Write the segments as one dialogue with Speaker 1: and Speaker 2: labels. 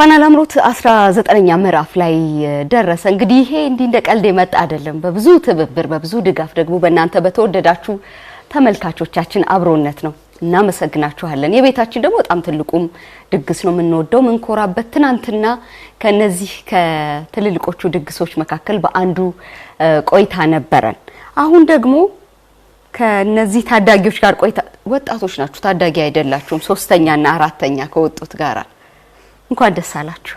Speaker 1: ፋና ላምሮት 19ኛ ምዕራፍ ላይ ደረሰ። እንግዲህ ይሄ እንዲህ እንደ ቀልድ የመጣ አይደለም። በብዙ ትብብር፣ በብዙ ድጋፍ ደግሞ በእናንተ በተወደዳችሁ ተመልካቾቻችን አብሮነት ነው። እናመሰግናችኋለን። የቤታችን ደግሞ በጣም ትልቁም ድግስ ነው የምንወደው ምንኮራበት። ትናንትና ከነዚህ ከትልልቆቹ ድግሶች መካከል በአንዱ ቆይታ ነበረን። አሁን ደግሞ ከነዚህ ታዳጊዎች ጋር ቆይታ። ወጣቶች ናችሁ፣ ታዳጊ አይደላችሁም። ሶስተኛና አራተኛ ከወጡት ጋራ እንኳን ደስ አላችሁ።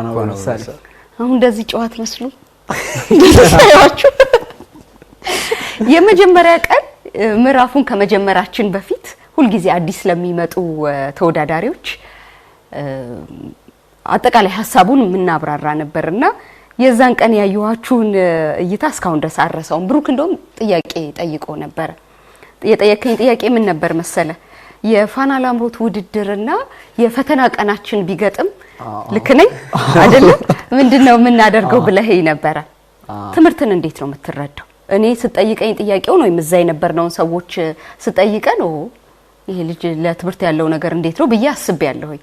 Speaker 2: አሁን
Speaker 1: እንደዚህ ጨዋት መስሉ ሳያችሁ የመጀመሪያ ቀን ምዕራፉን ከመጀመራችን በፊት ሁልጊዜ አዲስ ለሚመጡ ተወዳዳሪዎች አጠቃላይ ሀሳቡን የምናብራራ ነበርና የዛን ቀን ያየኋችሁን እይታ እስካሁን ድረስ አረሳውም። ብሩክ እንደውም ጥያቄ ጠይቆ ነበረ። የጠየከኝ ጥያቄ ምን ነበር መሰለህ? የፋና ላምሮት ውድድርና የፈተና ቀናችን ቢገጥም ልክ ነኝ አይደለም? ምንድን ነው የምናደርገው ብለህ ነበረ። ትምህርትን እንዴት ነው የምትረዳው? እኔ ስጠይቀኝ ጥያቄውን ወይም እዛ የነበርነውን ሰዎች ስጠይቀን ይሄ ልጅ ለትምህርት ያለው ነገር እንዴት ነው ብዬ ያለሁኝ።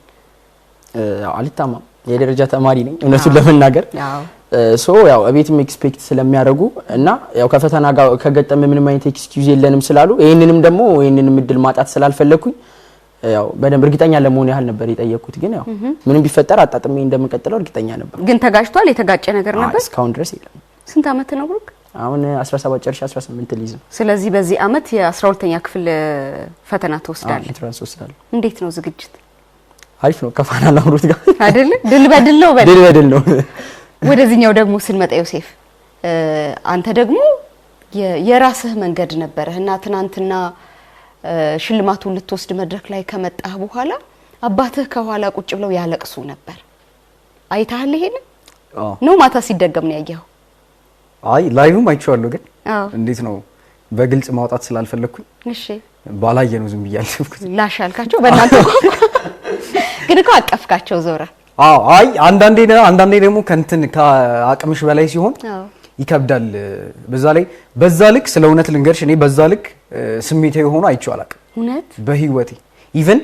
Speaker 2: አልታማም የደረጃ ተማሪ ነኝ እውነቱን ለመናገር ሶ ያው እቤትም ኤክስፔክት ስለሚያደርጉ እና ያው ከፈተና ጋር ከገጠመ ምንም አይነት ኤክስኪዩዝ የለንም ስላሉ ይህንንም ደግሞ ይህንንም እድል ማጣት ስላልፈለግኩኝ ያው በደንብ እርግጠኛ ለመሆን ያህል ነበር የጠየኩት። ግን ያው ምንም ቢፈጠር አጣጥሜ እንደምቀጥለው እርግጠኛ ነበር።
Speaker 1: ግን ተጋጭቷል? የተጋጨ ነገር ነበር?
Speaker 2: እስካሁን ድረስ የለም።
Speaker 1: ስንት አመት ነው ብሩክ?
Speaker 2: አሁን 17 ጨርሼ 18 ልይዝ ነው።
Speaker 1: ስለዚህ በዚህ አመት የ12ኛ ክፍል ፈተና ትወስዳለህ? እንዴት ነው ዝግጅት?
Speaker 2: አሪፍ ነው። ከፋና ላምሮት ጋር
Speaker 1: አይደል? ድል በድል ነው። በድል በድል ነው። ወደዚህኛው ደግሞ ስንመጣ ዮሴፍ፣ አንተ ደግሞ የራስህ መንገድ ነበረህ እና ትናንትና ሽልማቱን ልትወስድ መድረክ ላይ ከመጣህ በኋላ አባትህ ከኋላ ቁጭ ብለው ያለቅሱ ነበር። አይተሃል? ይሄን ነው ማታ ሲደገም ነው ያየኸው?
Speaker 2: አይ ላይቭም አይቼዋለሁ፣ ግን እንዴት ነው በግልጽ ማውጣት ስላልፈለግኩኝ እሺ፣ ባላየ ነው ዝም ብያለሁ።
Speaker 1: ላሽ አልካቸው በእናንተ ግን እኮ አቀፍካቸው ዞረ
Speaker 2: አይ አንዳንዴ አንዳንዴ ደግሞ ከእንትን ከአቅምሽ በላይ ሲሆን ይከብዳል። በዛ ላይ በዛ ልክ ስለ እውነት ልንገርሽ እኔ በዛ ልክ ስሜታዊ ሆኖ አይቼው አላውቅም በህይወቴ ኢቭን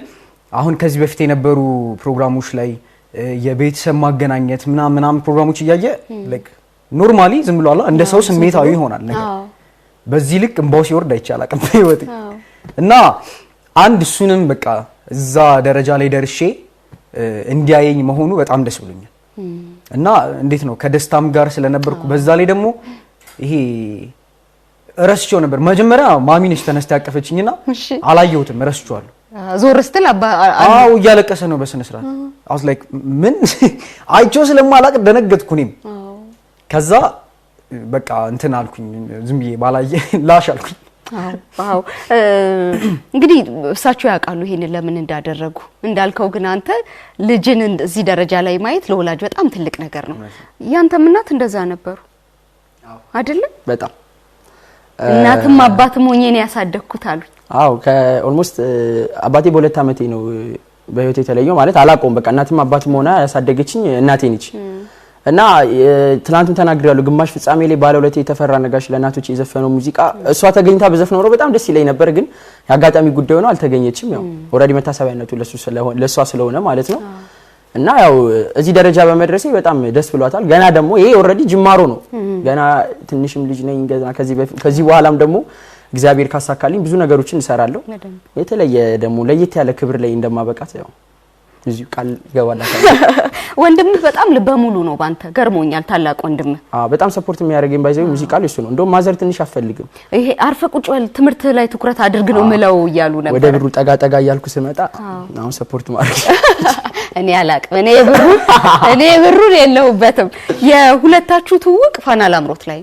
Speaker 2: አሁን ከዚህ በፊት የነበሩ ፕሮግራሞች ላይ የቤተሰብ ማገናኘት ምናምን ምናምን ፕሮግራሞች እያየ ላይክ ኖርማሊ ዝም ብሎ አላ እንደ ሰው ስሜታዊ ይሆናል ነገር በዚህ ልክ እንባው ሲወርድ አይቼ አላውቅም በህይወቴ እና አንድ እሱንም በቃ እዛ ደረጃ ላይ ደርሼ እንዲያየኝ መሆኑ በጣም ደስ ብሎኛል እና እንዴት ነው ከደስታም ጋር ስለነበርኩ በዛ ላይ ደግሞ ይሄ ረስቼው ነበር። መጀመሪያ ማሚነች ተነስተ ያቀፈችኝና አላየሁትም፣ ረስቼዋለሁ።
Speaker 1: ዞር ስትል አው
Speaker 2: እያለቀሰ ነው በስነ ስርዓት። አውስ ላይክ ምን አይቼው ስለማላቅ ደነገጥኩ እኔም። ከዛ በቃ እንትን አልኩኝ፣ ዝም ብዬ ባላየ ላሽ አልኩኝ
Speaker 1: አዎ እንግዲህ እሳቸው ያውቃሉ ይሄንን ለምን እንዳደረጉ። እንዳልከው ግን አንተ ልጅን እዚህ ደረጃ ላይ ማየት ለወላጅ በጣም ትልቅ ነገር ነው። ያንተም እናት እንደዛ ነበሩ አይደለም? በጣም እናትም አባትም ሆኜ ነው ያሳደግኩት አሉኝ።
Speaker 2: አዎ ከኦልሞስት አባቴ በሁለት አመቴ ነው በህይወት የተለየው ማለት አላቆም በቃ እናትም አባትም ሆና ያሳደገችኝ እናቴ ነች። እና ትናንትም ተናግሬያለሁ። ግማሽ ፍጻሜ ላይ ሁለት የተፈራ ነጋሽ ለእናቶች የዘፈነው ሙዚቃ እሷ ተገኝታ በዘፍ ነው በጣም ደስ ይለኝ ነበር፣ ግን የአጋጣሚ ጉዳይ ሆኖ አልተገኘችም። ያው ኦልሬዲ መታሰቢያነቱ ለእሷ ስለሆነ ማለት ነው። እና ያው እዚህ ደረጃ በመድረሴ በጣም ደስ ብሏታል። ገና ደግሞ ይሄ ኦልሬዲ ጅማሮ ነው። ገና ትንሽም ልጅ ነኝ። ገና ከዚህ በኋላም ደግሞ እግዚአብሔር ካሳካልኝ ብዙ ነገሮችን እሰራለሁ። የተለየ ደግሞ ለየት ያለ ክብር ላይ እንደማበቃት ያው እዚሁ ቃል ይገባላታል።
Speaker 1: በጣም ልበ ሙሉ ነው። ባንተ ገርሞኛል። ታላቅ ወንድምህ
Speaker 2: በጣም ሰፖርት የሚያደርገኝ ባይዘ እሱ ነው። እንደውም ማዘር ትንሽ አፈልግም፣
Speaker 1: ይሄ አርፈ ቁጭ በል ትምህርት ላይ ትኩረት አድርግ ነው ምለው እያሉ
Speaker 2: ነበር። ወደ ብሩ ጠጋ ጠጋ እያልኩ ስመጣ አሁን ሰፖርት ማድረግ
Speaker 1: እኔ አላቅም። እኔ ብሩ እኔ ብሩን የለሁበትም። የሁለታችሁ ትውውቅ ፋና ላምሮት ላይ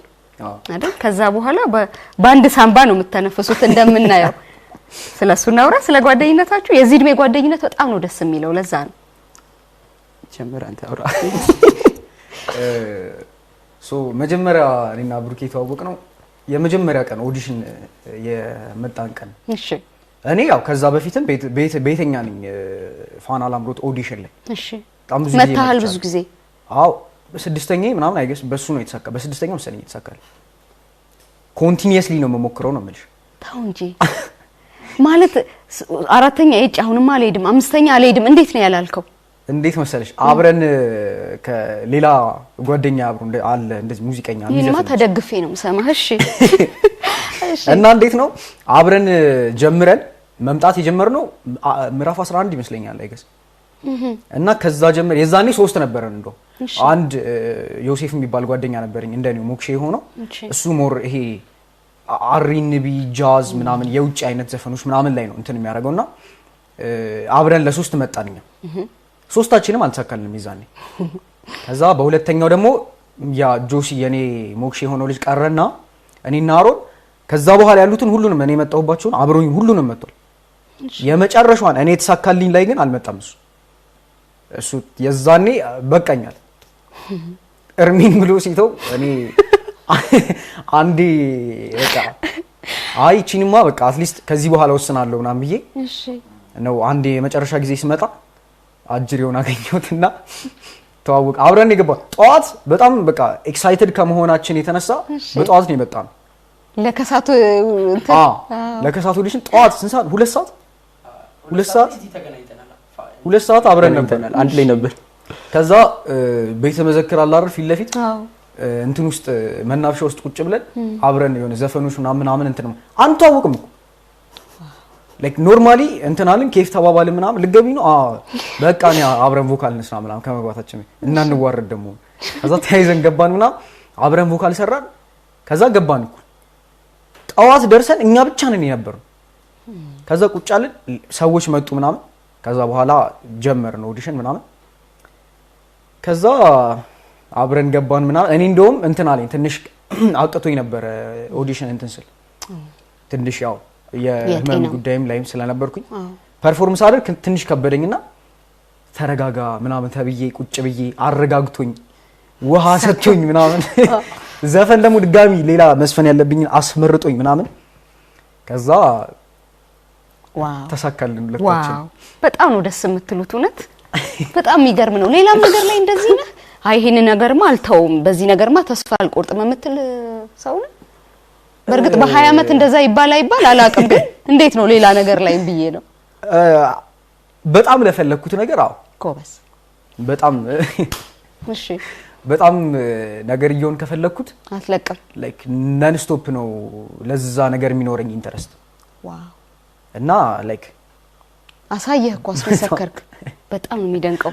Speaker 1: አይደል? ከዛ በኋላ በአንድ ሳንባ ነው የምተነፍሱት እንደምናየው ስለ እሱ እናውራ፣ ስለ ጓደኝነታችሁ። የዚህ እድሜ ጓደኝነት በጣም ነው ደስ የሚለው። ለዛ ነው
Speaker 2: ጀምር አንተ አውራ። ሶ መጀመሪያ እኔና ብሩኬ የተዋወቅ ነው የመጀመሪያ ቀን ኦዲሽን የመጣን ቀን። እሺ እኔ ያው ከዛ በፊትም ቤተኛ ነኝ ፋና ላምሮት ኦዲሽን ላይ።
Speaker 1: እሺ በጣም ብዙ ጊዜ መታሃል። ብዙ ጊዜ
Speaker 2: አዎ፣ ስድስተኛ ምናምን አይገስ በሱ ነው የተሳካ። በስድስተኛ መሰለኝ የተሳካል። ኮንቲኒየስሊ ነው መሞክረው ነው የምልሽ።
Speaker 1: ተው እንጂ ማለት አራተኛ ሄጭ አሁንማ አልሄድም፣ አምስተኛ አልሄድም። እንዴት ነው ያላልከው?
Speaker 2: እንዴት መሰለሽ አብረን ከሌላ ጓደኛ አብሮ አለ እንደዚህ ሙዚቀኛ
Speaker 1: ይሄማ ተደግፌ ነው የምሰማህ። እሺ
Speaker 2: እና እንዴት ነው አብረን ጀምረን መምጣት የጀመርነው ምዕራፍ 11 ይመስለኛል አይገስ እና ከዛ ጀመር የዛኔ ሶስት ነበረን። እንደው አንድ ዮሴፍ የሚባል ጓደኛ ነበረኝ እንደኔ ሞክሼ የሆነው እሱ ሞር ይሄ አሪንቢ ጃዝ ምናምን የውጭ አይነት ዘፈኖች ምናምን ላይ ነው እንትን የሚያደርገው ና አብረን ለሶስት መጣን ሶስታችንም አልተሳካልንም ይዛኔ። ከዛ በሁለተኛው ደግሞ ያ ጆሲ የኔ ሞክሽ የሆነው ልጅ ቀረና እኔና አሮን ከዛ በኋላ ያሉትን ሁሉንም እኔ የመጣሁባቸውን አብሮኝ ሁሉንም መጥቷል። የመጨረሻዋን እኔ የተሳካልኝ ላይ ግን አልመጣም እሱ እሱ የዛኔ በቀኛል እርሚን ብሎ ሲተው እኔ አንዴ በቃ አይ ቺኒማ በቃ አትሊስት ከዚህ በኋላ ወስናለሁ ምናምን ብዬ ነው አንዴ የመጨረሻ ጊዜ ስመጣ አጅሬውን አገኘሁትና ተዋወቅ አብረን የገባ ጠዋት በጣም በቃ ኤክሳይትድ ከመሆናችን የተነሳ በጠዋት ነው የመጣ ነው። ለከሳቱ ለከሳቱ ልጅን ጠዋት ስንት ሰዓት? ሁለት ሰዓት ሁለት ሰዓት ሁለት ሰዓት አብረን ነበርናል። አንድ ላይ ነበር። ከዛ ቤተ መዘክር አለ አይደል ፊት ለፊት እንትን ውስጥ መናፈሻ ውስጥ ቁጭ ብለን አብረን የሆነ ዘፈኖች ምናምን እንትን አንተዋወቅም እኮ ላይክ ኖርማሊ እንትን አለን ኬፍ ተባባል ምናምን ልገቢ ነው በቃ እኔ አብረን ቮካል እንስራ ምናምን ከመግባታችን እና እንዋረድ ደግሞ ከዛ ተያይዘን ገባን ምናምን አብረን ቮካል ሰራን። ከዛ ገባን እኮ ጠዋት ደርሰን እኛ ብቻ ነን የነበር ከዛ ቁጭ አለን ሰዎች መጡ ምናምን ከዛ በኋላ ጀመርን ኦዲሽን ምናምን ከዛ አብረን ገባን ምናምን። እኔ እንደውም እንትን አለኝ ትንሽ አውጥቶኝ ነበረ ኦዲሽን እንትን ስል ትንሽ ያው የህመም ጉዳይም ላይም ስለነበርኩኝ ፐርፎርምስ አድርግ ትንሽ ከበደኝና ተረጋጋ ምናምን ተብዬ ቁጭ ብዬ አረጋግቶኝ ውሃ ሰጥቶኝ ምናምን ዘፈን ደግሞ ድጋሚ ሌላ መስፈን ያለብኝን አስመርጦኝ ምናምን ከዛ ተሳካልን።
Speaker 1: በጣም ነው ደስ የምትሉት። እውነት በጣም የሚገርም ነው። ሌላም ነገር ላይ እንደዚህ ነህ አይ ይሄን ነገርማ አልተውም፣ በዚህ ነገርማ ተስፋ አልቆርጥም የምትል ሰው ነው። በእርግጥ በሀያ ዓመት እንደዛ ይባል አይባል አላውቅም፣ ግን እንዴት ነው ሌላ ነገር ላይ ብዬ ነው።
Speaker 2: በጣም ለፈለግኩት ነገር አዎ፣ ጎበዝ፣ በጣም
Speaker 1: እሺ፣
Speaker 2: በጣም ነገር እየሆን ከፈለግኩት አትለቅም። ላይክ ነን ስቶፕ ነው ለዛ ነገር የሚኖረኝ ኢንተረስት። እና ላይክ
Speaker 1: አሳየህ እኮ አስመሰከርክ። በጣም ነው የሚደንቀው።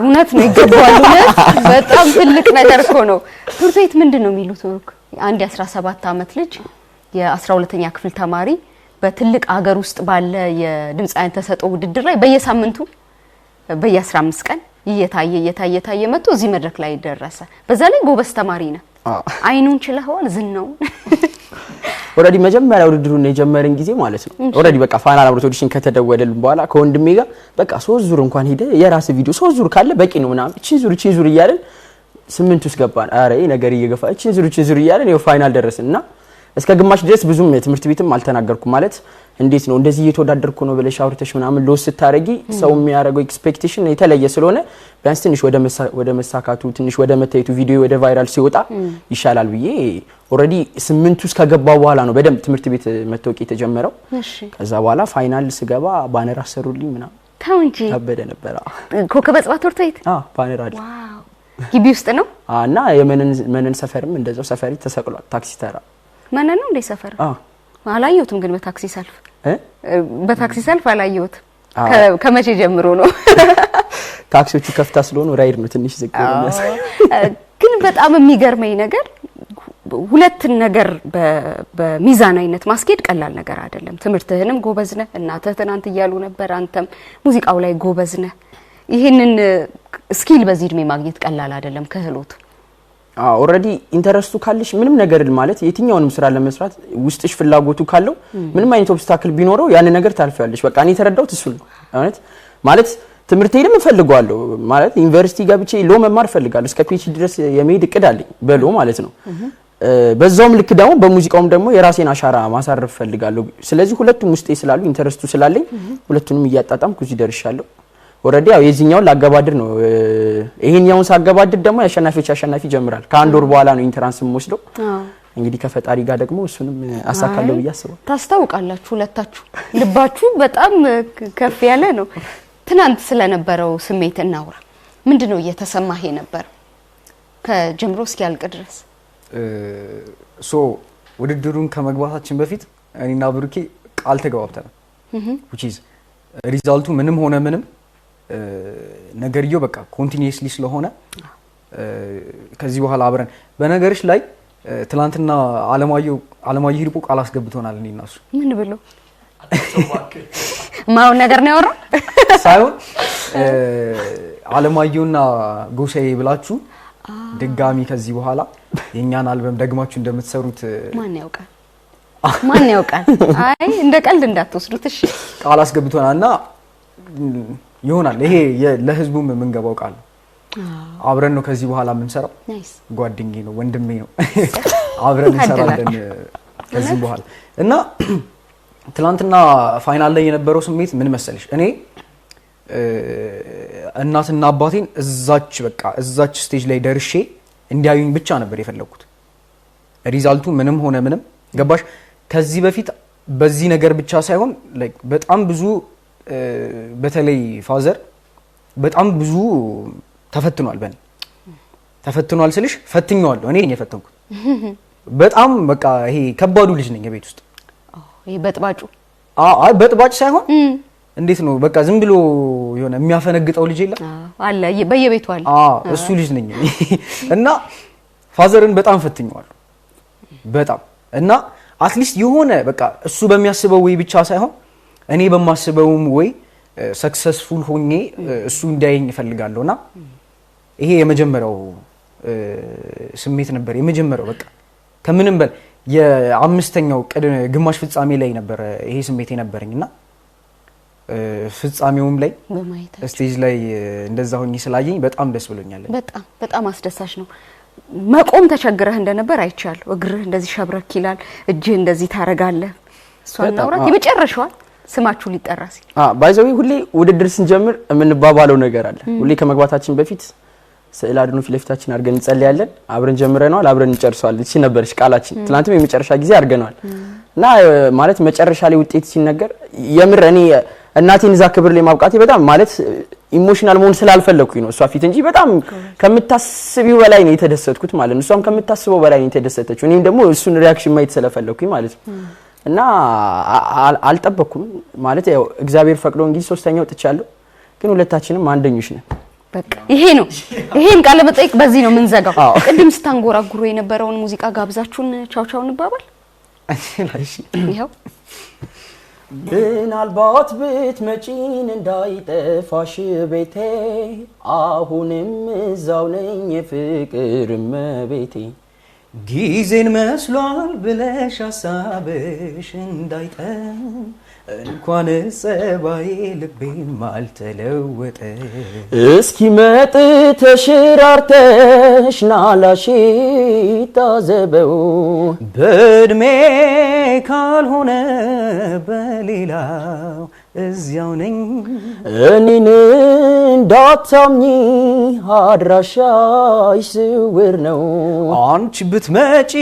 Speaker 1: እውነት ነው ይገባዋል። በጣም ትልቅ ነገር እኮ ነው። ትምህርት ቤት ምንድን ነው የሚሉት? አንድ የአስራ ሰባት አመት ልጅ የአስራ ሁለተኛ ክፍል ተማሪ በትልቅ አገር ውስጥ ባለ የድምፅ አይነት ተሰጥኦ ውድድር ላይ በየሳምንቱ በየ አስራ አምስት ቀን እየታየ እየታየ እየታየ መጥቶ እዚህ መድረክ ላይ ደረሰ። በዛ ላይ ጎበዝ ተማሪ ነው። አይኑን ችለኸዋል። ዝናውን
Speaker 2: ኦልሬዲ መጀመሪያ ውድድሩን የጀመርን ጊዜ ማለት ነው። ኦልሬዲ በቃ ፋና ላምሮት ኦዲሽን ከተደወለልን በኋላ ከወንድሜ ጋር በቃ ሶስት ዙር እንኳን ሄደ የራስ ቪዲዮ ሶስት ዙር ካለ በቂ ነው ምናምን እቺ ዙር እቺ ዙር እያለን ስምንት ውስጥ ገባን። አረ ይሄ ነገር እየገፋ እቺ ዙር እቺ ዙር እያለን ይኸው ፋይናል ደረስን እና እስከ ግማሽ ድረስ ብዙም ትምህርት ቤትም አልተናገርኩም። ማለት እንዴት ነው እንደዚህ እየተወዳደርኩ ነው ብለሽ አውርተሽ ምናምን ሎስ ስታረጊ ሰው የሚያደርገው ኤክስፔክቴሽን የተለየ ስለሆነ ቢያንስ ትንሽ ወደ መሳካቱ ትንሽ ወደ መታየቱ ቪዲዮ ወደ ቫይራል ሲወጣ ይሻላል ብዬ ኦልሬዲ ስምንት ውስጥ ከገባ በኋላ ነው በደንብ ትምህርት ቤት መታወቅ የተጀመረው። ከዛ በኋላ ፋይናል ስገባ ባነር አሰሩልኝ ምናምን ተው እንጂ ከበደ ነበረ።
Speaker 1: ኮከበ ጽባት ትምህርት ቤት ባነር አለ ግቢ ውስጥ ነው
Speaker 2: እና የመነን ሰፈርም እንደዛው ሰፈሪ ተሰቅሏል ታክሲ ተራ
Speaker 1: መነ ነው እንዴ ሰፈር አላየሁትም፣ ግን በታክሲ ሰልፍ በታክሲ ሰልፍ አላየሁትም። ከመቼ ጀምሮ ነው?
Speaker 2: ታክሲዎቹ ከፍታ ስለሆኑ ራይድ ነው ትንሽ ዝቅ
Speaker 1: ግን በጣም የሚገርመኝ ነገር ሁለትን ነገር በሚዛናዊነት ማስኬድ ቀላል ነገር አይደለም። ትምህርትህንም ጎበዝ ነህ፣ እናትህ ትናንት እያሉ ነበር፣ አንተም ሙዚቃው ላይ ጎበዝ ነህ። ይህንን ስኪል በዚህ እድሜ ማግኘት ቀላል አይደለም ክህሎቱ
Speaker 2: ኦልሬዲ ኢንተረስቱ ካለሽ ምንም ነገር ማለት የትኛውንም ስራ ለመስራት ውስጥሽ ፍላጎቱ ካለው ምንም አይነት ኦብስታክል ቢኖረው ያን ነገር ታልፈዋለሽ። በቃ እኔ የተረዳሁት እሱን ነው ማለት ትምህርት ሄድም እፈልገዋለሁ ማለት ዩኒቨርሲቲ ገብቼ ሎ መማር እፈልጋለሁ። እስከ ፒኤችዲ ድረስ የመሄድ እቅድ አለኝ በሎ ማለት ነው። በዛውም ልክ ደግሞ በሙዚቃውም ደግሞ የራሴን አሻራ ማሳረፍ እፈልጋለሁ። ስለዚህ ሁለቱም ውስጤ ስላሉ ኢንተረስቱ ስላለኝ ሁለቱንም እያጣጣምኩ እዚህ ደርሻለሁ። ኦልሬዲ ያው የዚህኛውን ላገባድድ ነው። ይሄኛውን ሳገባድድ ደግሞ የአሸናፊዎች አሸናፊ ይጀምራል። ከአንድ ወር በኋላ ነው ኢንትራንስ የምወስደው። እንግዲህ ከፈጣሪ ጋር ደግሞ እሱንም አሳካለሁ ብዬ አስባለሁ።
Speaker 1: ታስታውቃላችሁ፣ ሁለታችሁ ልባችሁ በጣም ከፍ ያለ ነው። ትናንት ስለነበረው ስሜት እናውራ። ምንድን ነው እየተሰማህ የነበረው ከጀምሮ እስኪያልቅ ድረስ?
Speaker 2: ሶ ውድድሩን ከመግባታችን በፊት እኔና ብሩኬ ቃል ተገባብተናል። ሪዛልቱ ምንም ሆነ ምንም ነገርየው በቃ ኮንቲኒየስሊ ስለሆነ ከዚህ በኋላ አብረን በነገርሽ ላይ ትላንትና አለማየሁ ሂርጶ ቃል አስገብቶናል። እኔ እና እሱ
Speaker 1: ምን ብሎ ማውን ነገር ነው ያወራው
Speaker 2: ሳይሆን አለማየሁና ጎሳዬ ብላችሁ ድጋሚ ከዚህ በኋላ የእኛን አልበም ደግማችሁ እንደምትሰሩት
Speaker 1: ማን ያውቃል? ማን ያውቃል? አይ እንደ ቀልድ እንዳትወስዱት እሺ።
Speaker 2: ቃል አስገብቶናልና ይሆናል። ይሄ ለህዝቡም የምንገባው ቃል አብረን ነው ከዚህ በኋላ የምንሰራው። ጓደኛ ነው ወንድሜ ነው አብረን እንሰራለን ከዚህ በኋላ እና ትናንትና ፋይናል ላይ የነበረው ስሜት ምን መሰለሽ፣ እኔ እናትና አባቴን እዛች በቃ እዛች ስቴጅ ላይ ደርሼ እንዲያዩኝ ብቻ ነበር የፈለግኩት። ሪዛልቱ ምንም ሆነ ምንም ገባሽ። ከዚህ በፊት በዚህ ነገር ብቻ ሳይሆን በጣም ብዙ በተለይ ፋዘር በጣም ብዙ ተፈትኗል። በእኔ ተፈትኗል ስልሽ ፈትኛዋል እኔ የፈተንኩት በጣም በቃ ይሄ ከባዱ ልጅ ነኝ ቤት ውስጥ ይሄ በጥባጩ አይ በጥባጭ ሳይሆን እንዴት ነው በቃ ዝም ብሎ የሆነ የሚያፈነግጠው ልጅ የለም
Speaker 1: አለ በየቤቱ አለ።
Speaker 2: እሱ ልጅ ነኝ እና ፋዘርን በጣም ፈትኘዋለሁ በጣም እና አትሊስት የሆነ በቃ እሱ በሚያስበው ወይ ብቻ ሳይሆን እኔ በማስበውም ወይ ሰክሰስፉል ሆኜ እሱ እንዳየኝ እፈልጋለሁ ና ይሄ የመጀመሪያው ስሜት ነበር። የመጀመሪያው በቃ ከምንም በል የአምስተኛው ግማሽ ፍጻሜ ላይ ነበረ ይሄ ስሜት የነበረኝ እና ፍጻሜውም ላይ ስቴጅ ላይ እንደዛ ሆኝ ስላየኝ በጣም ደስ ብሎኛለን
Speaker 1: በጣም በጣም አስደሳች ነው። መቆም ተቸግረህ እንደነበር አይቻል እግርህ እንደዚህ ሸብረክ ይላል፣ እጅህ እንደዚህ ታረጋለህ። እሷ ናውራት የመጨረሻዋል ስማችሁ ሊጠራ ሲል
Speaker 2: ባይዘዊ ሁሌ ውድድር ስንጀምር የምንባባለው ነገር አለ። ሁሌ ከመግባታችን በፊት ስዕል አድኖ ፊት ለፊታችን አድርገን እንጸልያለን። አብረን ጀምረነዋል፣ አብረን እንጨርሰዋል። እቺ ነበረች ቃላችን። ትናንትም የመጨረሻ ጊዜ አድርገነዋል እና ማለት መጨረሻ ላይ ውጤት ሲነገር የምር እኔ እናቴን እዛ ክብር ላይ ማብቃቴ በጣም ማለት ኢሞሽናል መሆን ስላልፈለኩኝ ነው እሷ ፊት እንጂ በጣም ከምታስቢው በላይ ነው የተደሰትኩት ማለት ነው። እሷም ከምታስበው በላይ ነው የተደሰተችው። እኔም ደግሞ እሱን ሪያክሽን ማየት ስለፈለኩኝ ማለት ነው። እና አልጠበኩም ማለት ያው እግዚአብሔር ፈቅዶ እንግዲህ ሶስተኛው ጥቻለሁ፣ ግን ሁለታችንም አንደኞች ነን።
Speaker 1: በቃ ይሄ ነው። ይሄን ቃለ መጠይቅ በዚህ ነው የምንዘጋው። ቅድም ስታንጎራጉሮ የነበረውን ሙዚቃ ጋብዛችሁን ቻው ቻው እንባባል። ይኸው
Speaker 3: ምናልባት መጪን እንዳይጠፋሽ ቤቴ፣ አሁንም እዛው ነኝ የፍቅር ጊዜን መስሏል ብለሽ ሀሳብሽ እንዳይጠም እንኳን ጸባዬ ልቤም አልተለወጠ። እስኪ መጥ ተሽራርተሽ ናላሽ ታዘበው በእድሜ ካልሆነ በሌላው እዚያው ነኝ። እኔን እንዳታምኚ አድራሻሽ ስውር ነው። አንቺ ብትመጪ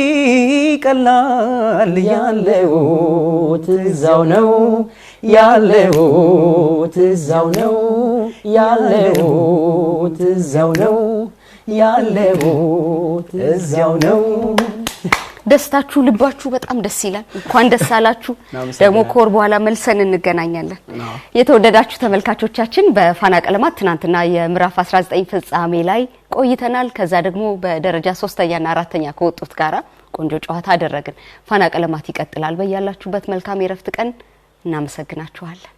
Speaker 3: ቀላል ያለሁት እዛው ነው ያለሁት እዛው ነው ያለሁት እዛው ነው ያለሁት እዛው ነው
Speaker 1: ደስታችሁ ልባችሁ በጣም ደስ ይላል። እንኳን ደስ አላችሁ። ደግሞ ከወር በኋላ መልሰን እንገናኛለን። የተወደዳችሁ ተመልካቾቻችን በፋና ቀለማት ትናንትና የምዕራፍ 19 ፍጻሜ ላይ ቆይተናል። ከዛ ደግሞ በደረጃ ሶስተኛና አራተኛ ከወጡት ጋራ ቆንጆ ጨዋታ አደረግን። ፋና ቀለማት ይቀጥላል። በያላችሁበት መልካም የረፍት ቀን እናመሰግናችኋለን።